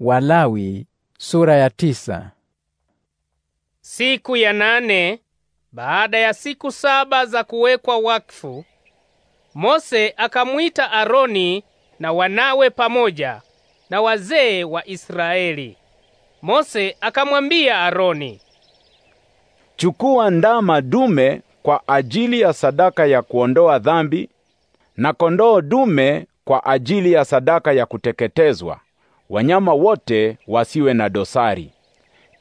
Walawi sura ya tisa. Siku ya nane baada ya siku saba za kuwekwa wakfu, Mose akamwita Aroni na wanawe pamoja na wazee wa Israeli. Mose akamwambia Aroni, chukua ndama dume kwa ajili ya sadaka ya kuondoa dhambi na kondoo dume kwa ajili ya sadaka ya kuteketezwa wanyama wote wasiwe na dosari.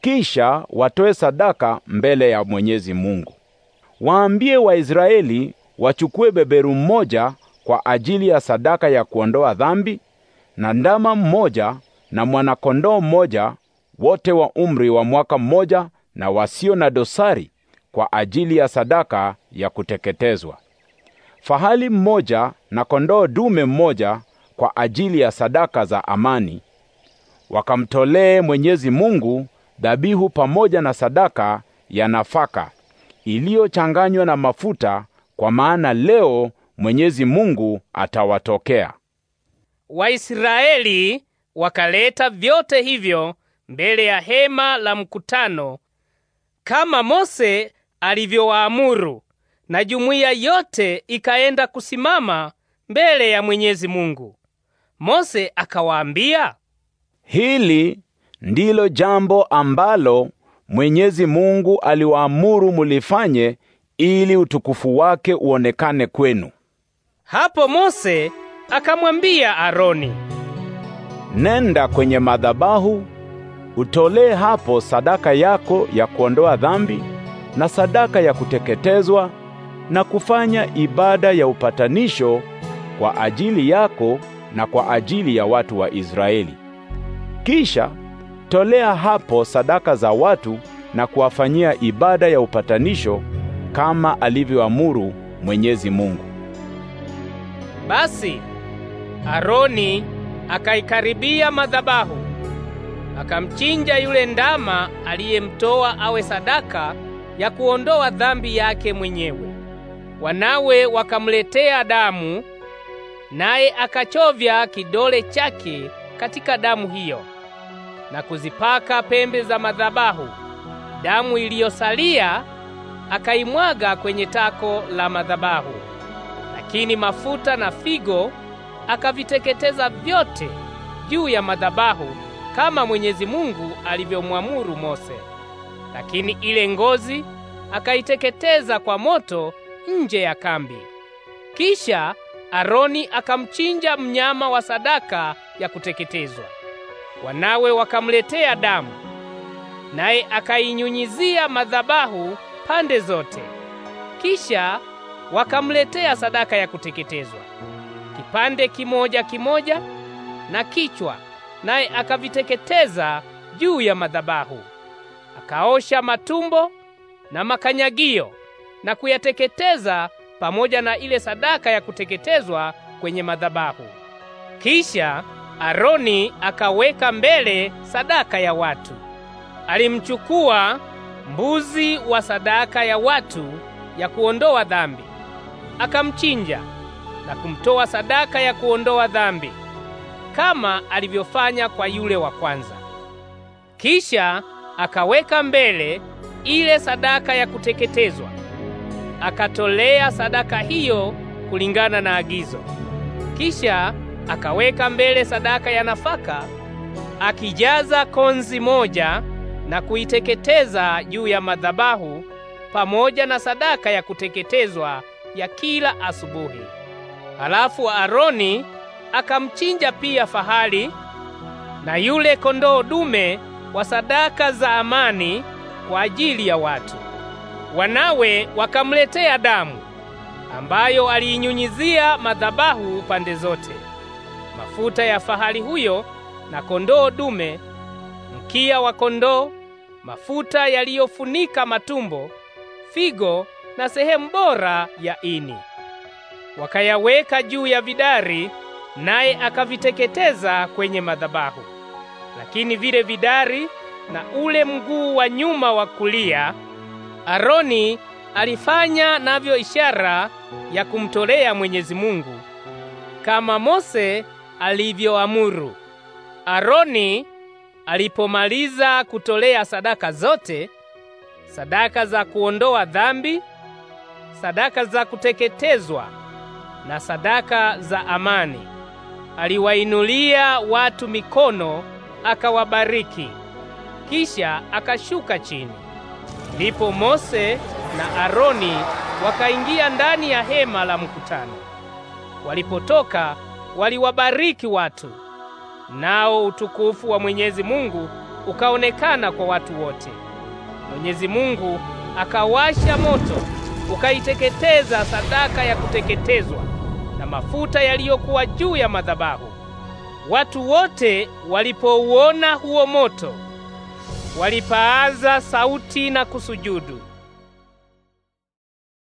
Kisha watoe sadaka mbele ya Mwenyezi Mungu. Waambie Waisraeli wachukue beberu mmoja kwa ajili ya sadaka ya kuondoa dhambi, na ndama mmoja na mwanakondoo mmoja, wote wa umri wa mwaka mmoja na wasio na dosari, kwa ajili ya sadaka ya kuteketezwa. Fahali mmoja na kondoo dume mmoja kwa ajili ya sadaka za amani, wakamtolee Mwenyezi Mungu dhabihu pamoja na sadaka ya nafaka iliyochanganywa na mafuta, kwa maana leo Mwenyezi Mungu atawatokea. Waisraeli wakaleta vyote hivyo mbele ya hema la mkutano kama Mose alivyowaamuru, na jumuiya yote ikaenda kusimama mbele ya Mwenyezi Mungu. Mose akawaambia, Hili ndilo jambo ambalo Mwenyezi Mungu aliwaamuru mulifanye ili utukufu wake uonekane kwenu. Hapo Mose akamwambia Aroni, Nenda kwenye madhabahu utolee hapo sadaka yako ya kuondoa dhambi na sadaka ya kuteketezwa na kufanya ibada ya upatanisho kwa ajili yako na kwa ajili ya watu wa Israeli. Kisha tolea hapo sadaka za watu na kuwafanyia ibada ya upatanisho kama alivyoamuru Mwenyezi Mungu. Basi Aroni akaikaribia madhabahu, akamchinja yule ndama aliyemtoa awe sadaka ya kuondoa dhambi yake mwenyewe. Wanawe wakamletea damu, naye akachovya kidole chake katika damu hiyo na kuzipaka pembe za madhabahu. Damu iliyosalia akaimwaga kwenye tako la madhabahu, lakini mafuta na figo akaviteketeza vyote juu ya madhabahu kama Mwenyezi Mungu alivyomwamuru Mose. Lakini ile ngozi akaiteketeza kwa moto nje ya kambi. Kisha Aroni akamchinja mnyama wa sadaka ya kuteketezwa. Wanawe wakamletea damu, naye akainyunyizia madhabahu pande zote. Kisha wakamletea sadaka ya kuteketezwa, kipande kimoja kimoja na kichwa, naye akaviteketeza juu ya madhabahu. Akaosha matumbo na makanyagio na kuyateketeza pamoja na ile sadaka ya kuteketezwa kwenye madhabahu. Kisha Aroni akaweka mbele sadaka ya watu. Alimchukua mbuzi wa sadaka ya watu ya kuondoa dhambi, akamchinja na kumtoa sadaka ya kuondoa dhambi kama alivyofanya kwa yule wa kwanza. Kisha akaweka mbele ile sadaka ya kuteketezwa, akatolea sadaka hiyo kulingana na agizo. Kisha akaweka mbele sadaka ya nafaka, akijaza konzi moja na kuiteketeza juu ya madhabahu pamoja na sadaka ya kuteketezwa ya kila asubuhi. Halafu Aroni akamchinja pia fahali na yule kondoo dume wa sadaka za amani kwa ajili ya watu. Wanawe wakamletea damu ambayo aliinyunyizia madhabahu pande zote mafuta ya fahali huyo na kondoo dume, mkia wa kondoo, mafuta yaliyofunika matumbo, figo na sehemu bora ya ini. Wakayaweka juu ya vidari, naye akaviteketeza kwenye madhabahu. Lakini vile vidari na ule mguu wa nyuma wa kulia, Aroni alifanya navyo ishara ya kumtolea Mwenyezi Mungu kama Mose alivyoamuru. Aroni alipomaliza kutolea sadaka zote, sadaka za kuondoa dhambi, sadaka za kuteketezwa na sadaka za amani, aliwainulia watu mikono akawabariki. Kisha akashuka chini. Ndipo Mose na Aroni wakaingia ndani ya hema la mkutano. Walipotoka waliwabariki watu, nao utukufu wa Mwenyezi Mungu ukaonekana kwa watu wote. Mwenyezi Mungu akawasha moto ukaiteketeza sadaka ya kuteketezwa na mafuta yaliyokuwa juu ya madhabahu. Watu wote walipouona huo moto walipaaza sauti na kusujudu.